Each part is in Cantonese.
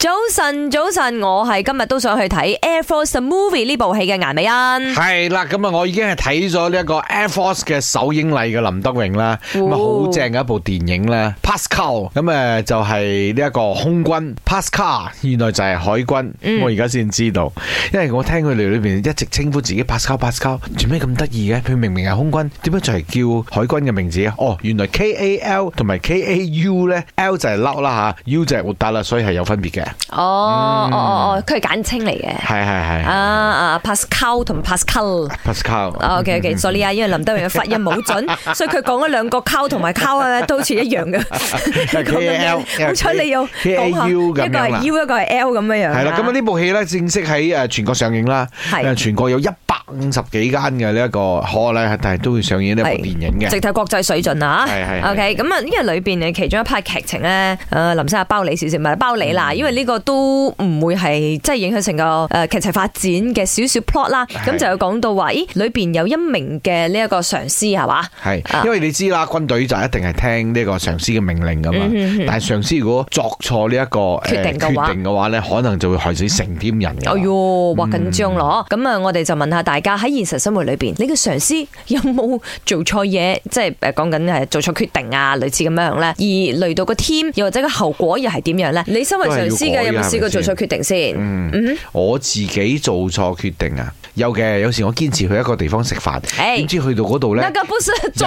早晨，早晨，我係今日都想去睇《Air Force The Movie》呢部戲嘅顏美恩。係啦，咁啊，我已經係睇咗呢一個《Air Force》嘅首映禮嘅林德榮啦，咁啊好正嘅一部電影啦、哦、Pascal，咁誒就係呢一個空軍。Pascal，原來就係海軍，嗯、我而家先知道，因為我聽佢哋裏邊一直稱呼自己 Pascal，Pascal，做咩咁得意嘅？佢明明係空軍，點解就係叫海軍嘅名字啊？哦，原來 K A L 同埋 K A U 咧，L 就係撈啦吓，U 就係活特啦，所以係有分別嘅。哦哦哦，佢係簡稱嚟嘅，係係係啊啊，Pascal 同 Pascal，Pascal，OK OK，sorry 啊，因為林德榮嘅發音冇準，所以佢講咗兩個 c o w 同埋 c o w 都好似一樣嘅，咁樣樣，好彩你有講下，一個係 U 一個係 L 咁樣樣。係啦，咁呢部戲咧正式喺誒全國上映啦，全國有一百五十幾間嘅呢一個賀但係都會上映呢部電影嘅，直體國際水準啊，o k 咁啊呢個裏邊其中一派劇劇情咧，林生包你少少，唔係包你啦，因為呢個都唔會係即係影響成個誒劇情發展嘅少少 plot 啦是。咁就有講到話，咦裏邊有一名嘅呢一個上司係嘛？係，因為你知啦，啊、軍隊就一定係聽呢個上司嘅命令㗎嘛。嗯、哼哼但係上司如果作錯呢一個決定嘅話呢、呃，可能就會害死成 team 人嘅。哎喲，話緊張咯，咁啊、嗯，我哋就問下大家喺現實生活裏邊，你嘅上司有冇做錯嘢，即係誒講緊係做錯決定啊？類似咁樣樣咧，而累到個 team 又或者個後果又係點樣呢？你身為上司？你有冇試過做錯決定先？嗯，我自己做錯決定啊。有嘅，有時我堅持去一個地方食飯，點知去到嗰度咧，人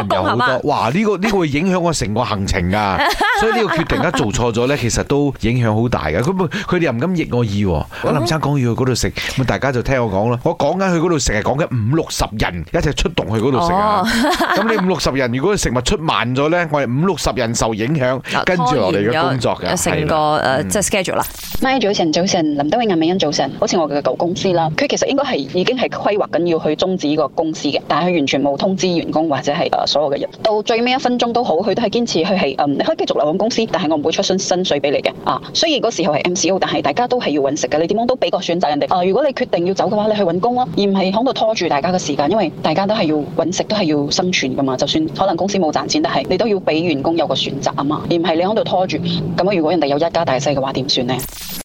流好多，哇！呢個呢個會影響我成個行程㗎，所以呢個決定家做錯咗咧，其實都影響好大嘅。佢唔，佢哋又唔敢逆我意。我林生講要去嗰度食，咪大家就聽我講咯。我講緊去嗰度食係講緊五六十人一齊出動去嗰度食啊。咁你五六十人如果食物出慢咗咧，我係五六十人受影響，跟住落嚟嘅工作嘅，係成個誒即係 schedule 啦。m 早晨，早晨，林德永、阿美欣早晨。好似我哋嘅舊公司啦，佢其實應該係已經係規劃緊要去終止呢個公司嘅，但係佢完全冇通知員工或者係誒、呃、所有嘅人。到最尾一分鐘都好，佢都係堅持佢係誒，你可以繼續留喺公司，但係我唔會出新薪水俾你嘅。啊，雖然嗰時候係 M C O，但係大家都係要搵食嘅，你點樣都俾個選擇人哋。啊，如果你決定要走嘅話，你去搵工咯，而唔係響度拖住大家嘅時間，因為大家都係要搵食，都係要生存噶嘛。就算可能公司冇賺錢，但係你都要俾員工有個選擇啊嘛。而唔係你響度拖住，咁、嗯、樣如果人哋有一家大細嘅話，點算呢？